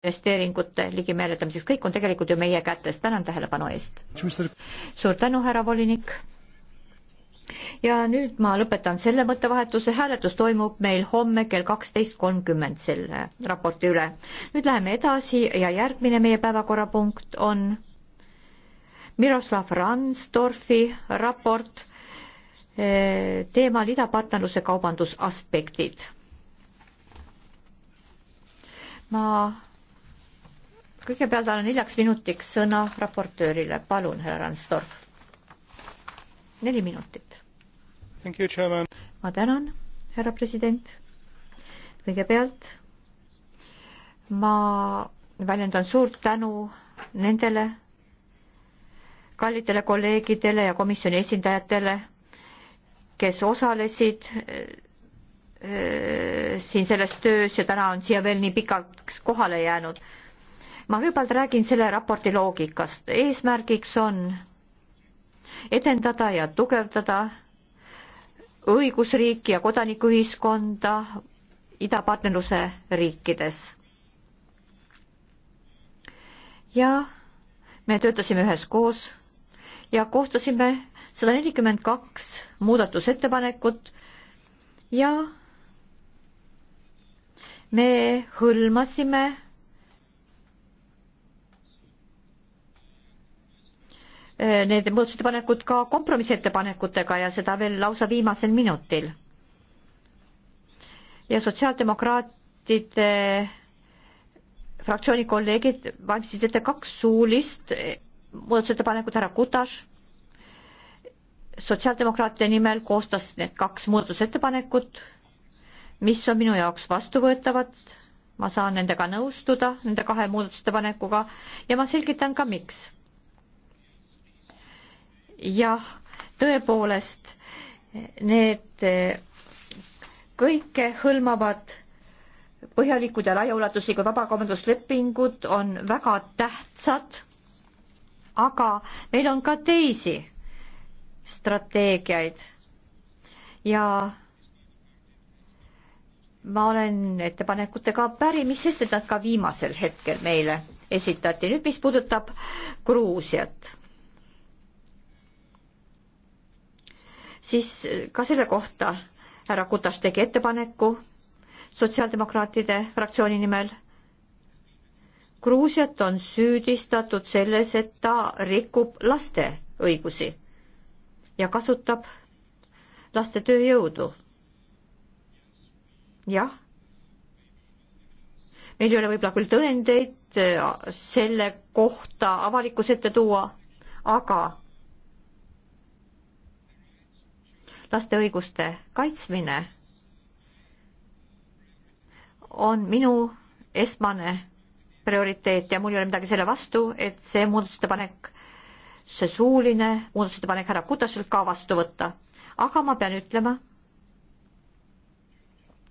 investeeringute ligimääratlemiseks, kõik on tegelikult ju meie kätes, tänan tähelepanu eest. suur tänu, härra volinik. ja nüüd ma lõpetan selle mõttevahetuse, hääletus toimub meil homme kell kaksteist kolmkümmend selle raporti üle. nüüd läheme edasi ja järgmine meie päevakorrapunkt on Miroslav Randstorfi raport eh, teemal idapartnerluse kaubandusaspektid ma kõigepealt annan neljaks minutiks sõna raportöörile, palun, härra Randstorf. neli minutit. ma tänan, härra president. kõigepealt ma väljendan suurt tänu nendele kallitele kolleegidele ja komisjoni esindajatele, kes osalesid äh, siin selles töös ja täna on siia veel nii pikalt kohale jäänud ma kõigepealt räägin selle raporti loogikast. eesmärgiks on edendada ja tugevdada õigusriiki ja kodanikuühiskonda idapartnerluse riikides. ja me töötasime üheskoos ja koostasime sada nelikümmend kaks muudatusettepanekut ja me hõlmasime Äh, need muudatusettepanekud ka kompromissettepanekutega ja seda veel lausa viimasel minutil. ja sotsiaaldemokraatide fraktsiooni kolleegid valmistasid ette kaks suulist muudatusettepanekut, härra Kutaš sotsiaaldemokraatide nimel koostas need kaks muudatusettepanekut, mis on minu jaoks vastuvõetavad, ma saan nendega nõustuda, nende kahe muudatusettepanekuga ja ma selgitan ka, miks jah, tõepoolest, need eh, kõikehõlmavad põhjalikud ja laiaulatuslikud vabakaubanduslepingud on väga tähtsad, aga meil on ka teisi strateegiaid ja ma olen ettepanekutega päri, mis sest, et nad ka viimasel hetkel meile esitati. nüüd, mis puudutab Gruusiat siis eh, ka selle kohta härra Kutas tegi ettepaneku sotsiaaldemokraatide fraktsiooni nimel. Gruusiat on süüdistatud selles, et ta rikub laste õigusi ja kasutab laste tööjõudu. jah, meil ei ole võib-olla küll tõendeid eh, selle kohta avalikkuse ette tuua, aga laste õiguste kaitsmine on minu esmane prioriteet ja mul ei ole midagi selle vastu, et see muudatusettepanek, see suuline muudatusettepanek härra Kutaselt ka vastu võtta. aga ma pean ütlema,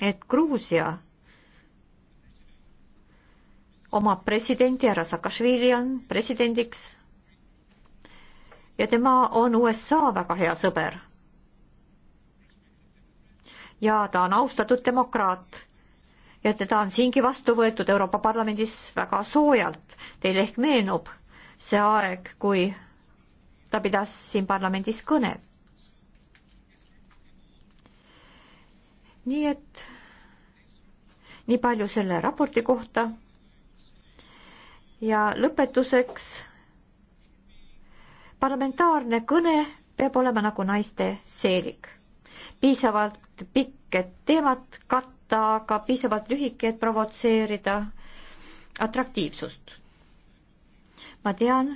et Gruusia oma presidendi härra Saakašvili on presidendiks ja tema on USA väga hea sõber ja ta on austatud demokraat. ja teda on siingi vastu võetud Euroopa Parlamendis väga soojalt. Teile ehk meenub see aeg, kui ta pidas siin parlamendis kõne. nii et nii palju selle raporti kohta. ja lõpetuseks. parlamentaarne kõne peab olema nagu naiste seelik piisavalt pikk, et teemat katta, aga piisavalt lühike, et provotseerida atraktiivsust. ma tean,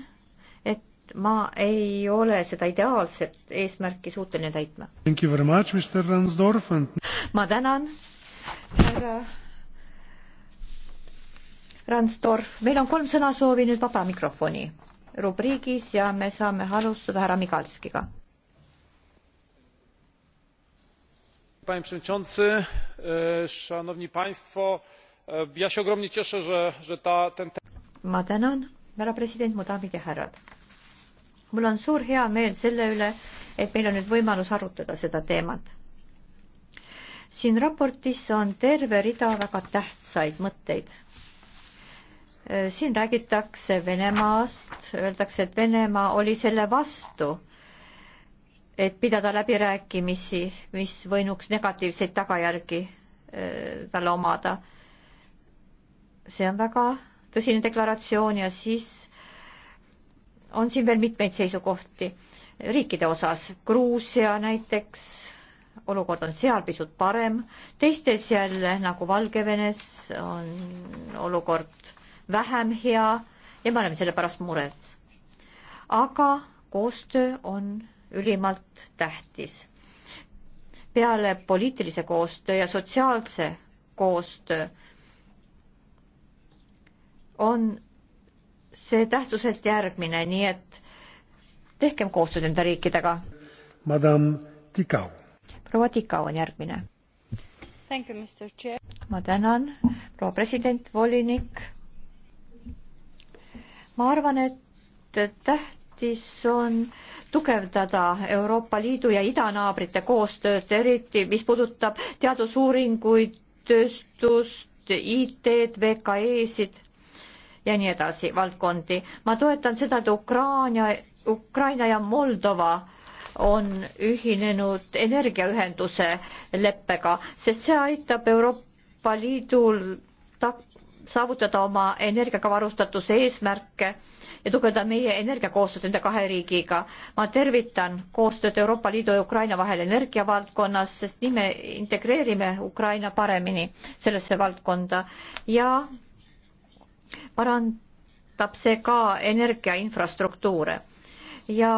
et ma ei ole seda ideaalset eesmärki suuteline täitma. And... ma tänan, härra Randstorf, meil on kolm sõnasoovi nüüd vaba mikrofoni rubriigis ja me saame alustada härra Migalskiga. panie przewodniczący! E, szanowni państwo! E, ja się ogromnie cieszę że ten ma tänan härra president mu daamid ja härrad mul on suur heameel selle üle et meil on nüüd võimalus arutada seda teemat siin raportis on terve rida väga tähtsaid mõtteid e, siin räägitakse Venemaast, öeldakse, et Venemaa oli selle vastu, et pidada läbirääkimisi, mis võinuks negatiivseid tagajärgi äh, talle omada. see on väga tõsine deklaratsioon ja siis on siin veel mitmeid seisukohti riikide osas. Gruusia näiteks, olukord on seal pisut parem, teistes jälle nagu Valgevenes on olukord vähem hea ja me oleme selle pärast mures. aga koostöö on ülimalt tähtis. peale poliitilise koostöö ja sotsiaalse koostöö on see tähtsuselt järgmine, nii et tehkem koostööd nende riikidega. Madam Tikau. proua Tikau on järgmine. ma tänan, proua president, volinik. ma arvan, et täht-, tähtis on tugevdada Euroopa Liidu ja idanaabrite koostööd, eriti mis puudutab teadusuuringuid, tööstust, IT-d, VKE-sid ja nii edasi valdkondi. ma toetan seda, et Ukraina, Ukraina ja Moldova on ühinenud energiaühenduse leppega, sest see aitab Euroopa Liidul tak-, saavutada oma energiaga varustatuse eesmärke ja tugevda meie energiakoostööd nende kahe riigiga. ma tervitan koostööd Euroopa Liidu ja Ukraina vahel energiavaldkonnas, sest nii me integreerime Ukraina paremini sellesse valdkonda ja parandab see ka energiainfrastruktuure ja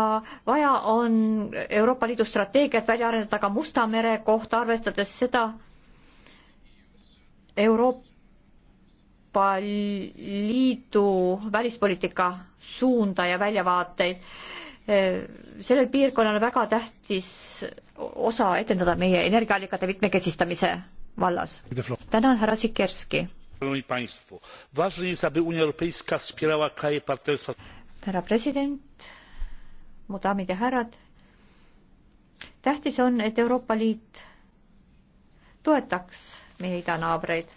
vaja on Euroopa Liidu strateegiat välja arendada ka Musta mere kohta, arvestades seda Euroopa Euroopa Liidu välispoliitika suunda ja väljavaateid. sellel piirkonnal on väga tähtis osa etendada meie energiaallikate mitmekesistamise vallas. tänan, härra Sikerski. härra president, mu daamid ja härrad. tähtis on, et Euroopa Liit toetaks meie idanaabreid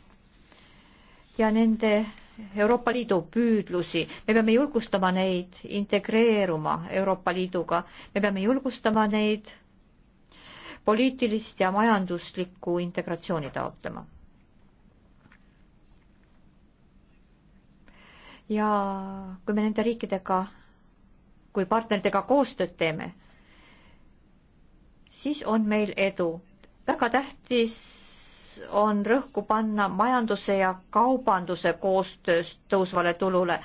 ja nende Euroopa Liidu püüdlusi, me peame julgustama neid integreeruma Euroopa Liiduga, me peame julgustama neid poliitilist ja majanduslikku integratsiooni taotlema. ja kui me nende riikidega, kui partneritega koostööd teeme, siis on meil edu. väga tähtis tähtis on rõhku panna majanduse ja kaubanduse koostöös tõusvale tulule.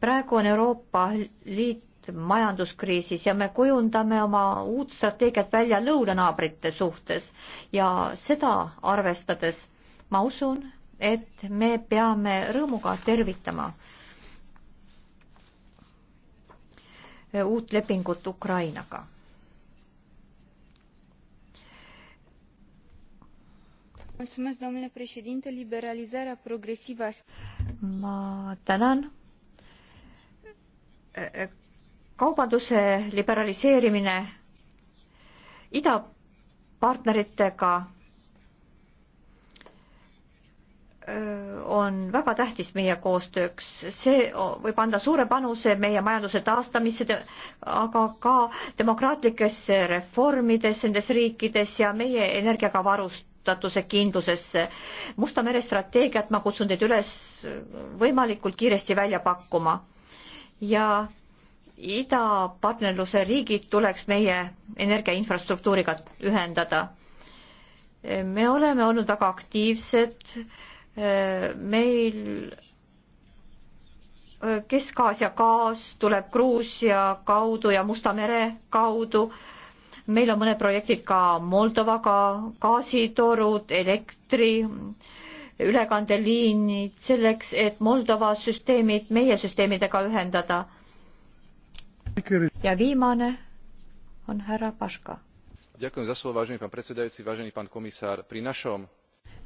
praegu on Euroopa Liit majanduskriisis ja me kujundame oma uut strateegiat välja lõunanaabrite suhtes ja seda arvestades ma usun, et me peame rõõmuga tervitama uut lepingut Ukrainaga liberalizarea progresivă ma tänan kaubanduse liberaliseerimine idapartneritega äh, on väga tähtis meie koostööks, see võib anda suure panuse meie majanduse taastamisse, aga ka demokraatlikesse reformidesse nendes riikides ja meie energiaga varust-, varustatuse kindlusesse. Musta mere strateegiat ma kutsun teid üles võimalikult kiiresti välja pakkuma ja idapartnerluse riigid tuleks meie energiainfrastruktuuriga ühendada. me oleme olnud väga aktiivsed, meil Kesk-Aasia gaas tuleb Gruusia kaudu ja Musta mere kaudu meil on mõned projektid ka Moldovaga, gaasitorud, elektri, ülekandeliinid selleks, et Moldova süsteemid meie süsteemidega ühendada. ja viimane on härra Paška.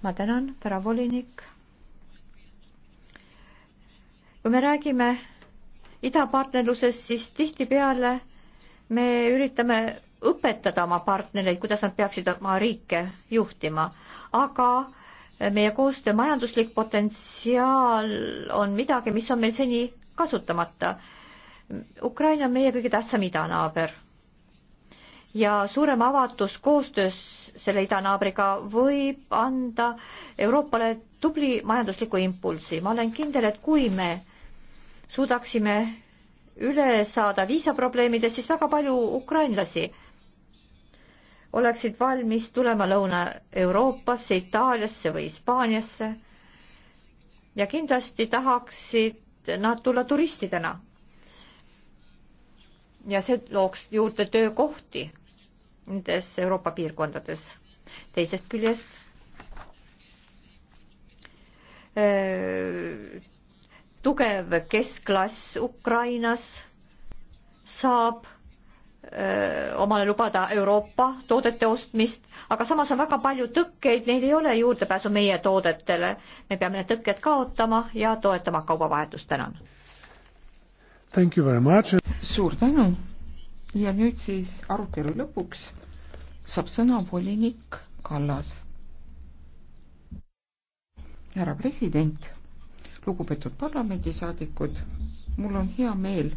ma tänan, härra volinik. kui me räägime idapartnerlusest, siis tihtipeale me üritame õpetada oma partnereid, kuidas nad peaksid oma riike juhtima, aga meie koostöö majanduslik potentsiaal on midagi, mis on meil seni kasutamata. Ukraina on meie kõige tähtsam idanaaber ja suurem avatus koostöös selle idanaabriga võib anda Euroopale tubli majandusliku impulsi. ma olen kindel, et kui me suudaksime üle saada viisaprobleemidest, siis väga palju ukrainlasi oleksid valmis tulema Lõuna-Euroopasse, Itaaliasse või Hispaaniasse ja kindlasti tahaksid nad tulla turistidena. ja see looks juurde töökohti nendes Euroopa piirkondades. teisest küljest äh, tugev keskklass Ukrainas saab omale lubada Euroopa toodete ostmist, aga samas on väga palju tõkkeid, neil ei ole juurdepääsu meie toodetele. me peame need tõkked kaotama ja toetama kaubavahetust, tänan. suur tänu ja nüüd siis arutelu lõpuks saab sõna volinik Kallas. härra president, lugupeetud parlamendisaadikud, mul on hea meel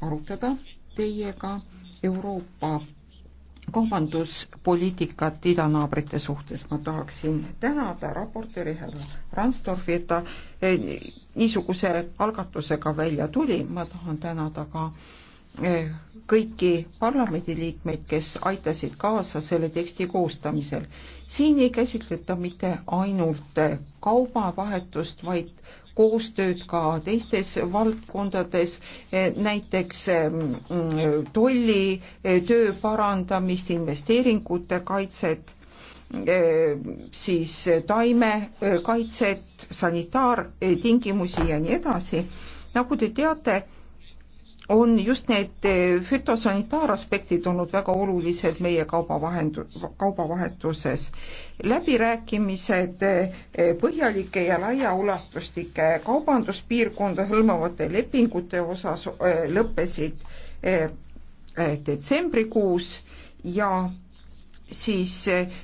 arutada teiega Euroopa kaubanduspoliitikat idanaabrite suhtes. ma tahaksin tänada raportööri härra Randstorfi, et ta eh, niisuguse algatusega välja tuli. ma tahan tänada ka eh, kõiki parlamendiliikmeid, kes aitasid kaasa selle teksti koostamisel. siin ei käsitleta mitte ainult kaubavahetust, vaid koostööd ka teistes valdkondades, eh, näiteks mm, mm, tolli eh, töö parandamist, investeeringute kaitset, eh, siis taimekaitset, sanitaartingimusi ja nii edasi. nagu te teate, on just need eh, fütosanitaaraspektid olnud väga olulised meie kaubavahendu-, kaubavahetuses. läbirääkimised eh, põhjalike ja laiaulatuslike kaubanduspiirkonda hõlmavate lepingute osas eh, lõppesid detsembrikuus ja siis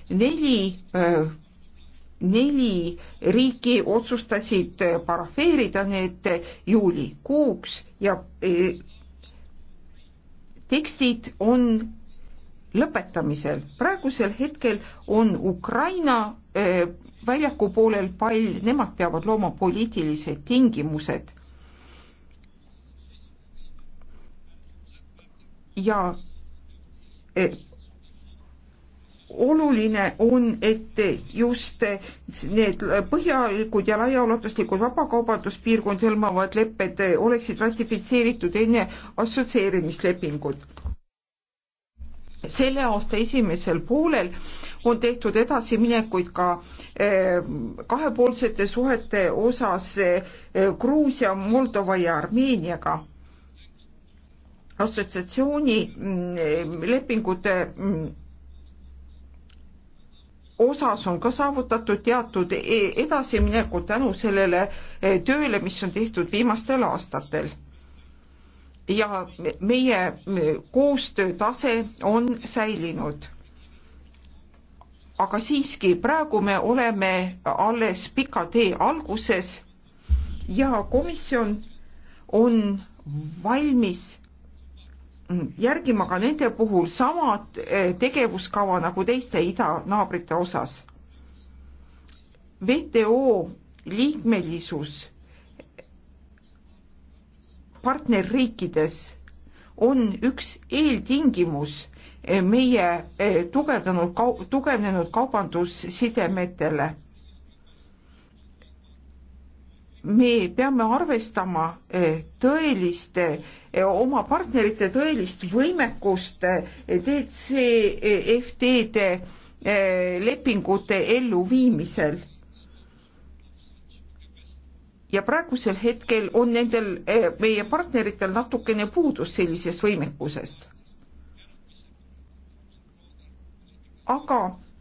neli neli riiki otsustasid parafeerida need juulikuuks ja tekstid on lõpetamisel. praegusel hetkel on Ukraina äh, väljaku poolel pall, nemad peavad looma poliitilised tingimused. ja äh, oluline on, et just need põhjalikud ja laiaulatuslikud vabakaubanduspiirkond hõlmavad lepped oleksid ratifitseeritud enne assotsieerimislepingut. selle aasta esimesel poolel on tehtud edasiminekuid ka eh, kahepoolsete suhete osas eh, Gruusia, Moldova ja Armeeniaga assotsiatsiooni mm, lepingute mm, osas on ka saavutatud teatud e-, edasimineku tänu sellele e, tööle, mis on tehtud viimastel aastatel. ja meie koostöötase on säilinud. aga siiski, praegu me oleme alles pika tee alguses ja komisjon on valmis järgima ka nende puhul sama eh, tegevuskava nagu teiste idanaabrite osas. WTO liikmelisus partnerriikides on üks eeltingimus eh, meie eh, tugevdanud, tugevnenud kaubandssidemetele me peame arvestama eh, tõeliste, eh, oma partnerite tõelist võimekust eh, DCFT-de lepingute elluviimisel. ja praegusel hetkel on nendel meie partneritel natukene puudus sellisest võimekusest. aga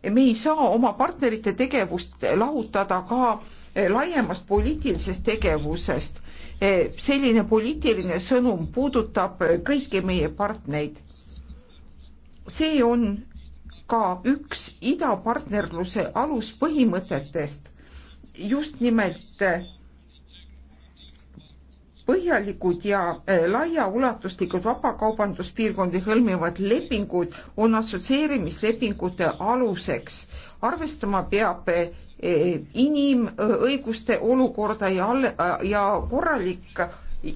me ei saa oma partnerite tegevust lahutada ka eh, laiemast poliitilisest tegevusest. Eh, selline poliitiline sõnum puudutab eh, kõiki meie partneid. see on ka üks idapartnerluse aluspõhimõtetest, just nimelt põhjalikud ja äh, laiaulatuslikud vabakaubanduspiirkondi hõlmivad lepingud on assotsieerimislepingute aluseks. arvestama peab äh, inimõiguste olukorda ja, äh, ja korralik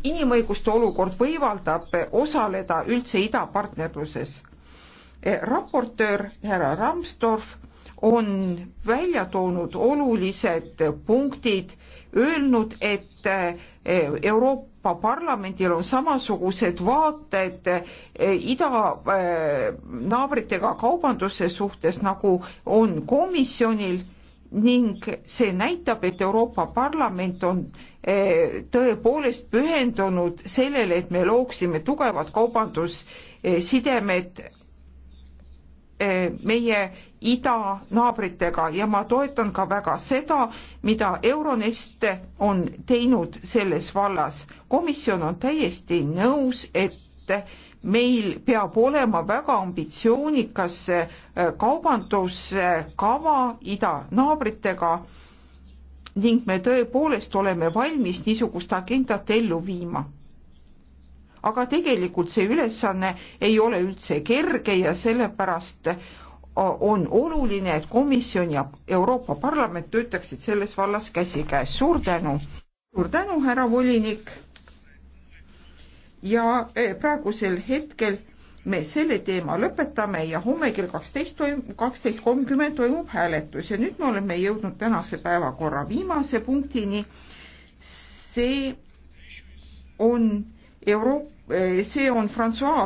inimõiguste olukord võimaldab osaleda üldse idapartnerluses Eh, raportöör härra Ramstorf on välja toonud olulised punktid, öelnud, et eh, Euroopa Parlamendil on samasugused vaated eh, idanaabritega kaubanduse suhtes, nagu on komisjonil ning see näitab, et Euroopa Parlament on tõepoolest pühendunud sellele, et me looksime tugevad kaubandussidemed Eh, meie idanaabritega ja ma toetan ka väga seda, mida Euronest on teinud selles vallas. komisjon on täiesti nõus, et meil peab olema väga ambitsioonikas eh, kaubanduskava idanaabritega ning me tõepoolest oleme valmis niisugust agendat ellu viima aga tegelikult see ülesanne ei ole üldse kerge ja sellepärast on oluline, et komisjon ja Euroopa Parlament töötaksid selles vallas käsikäes. suur tänu! suur tänu, härra volinik! ja eh, praegusel hetkel me selle teema lõpetame ja homme kell kaksteist toimub, kaksteist kolmkümmend toimub hääletus ja nüüd me oleme jõudnud tänase päevakorra viimase punktini. see on Euroopa Eh, see on Francois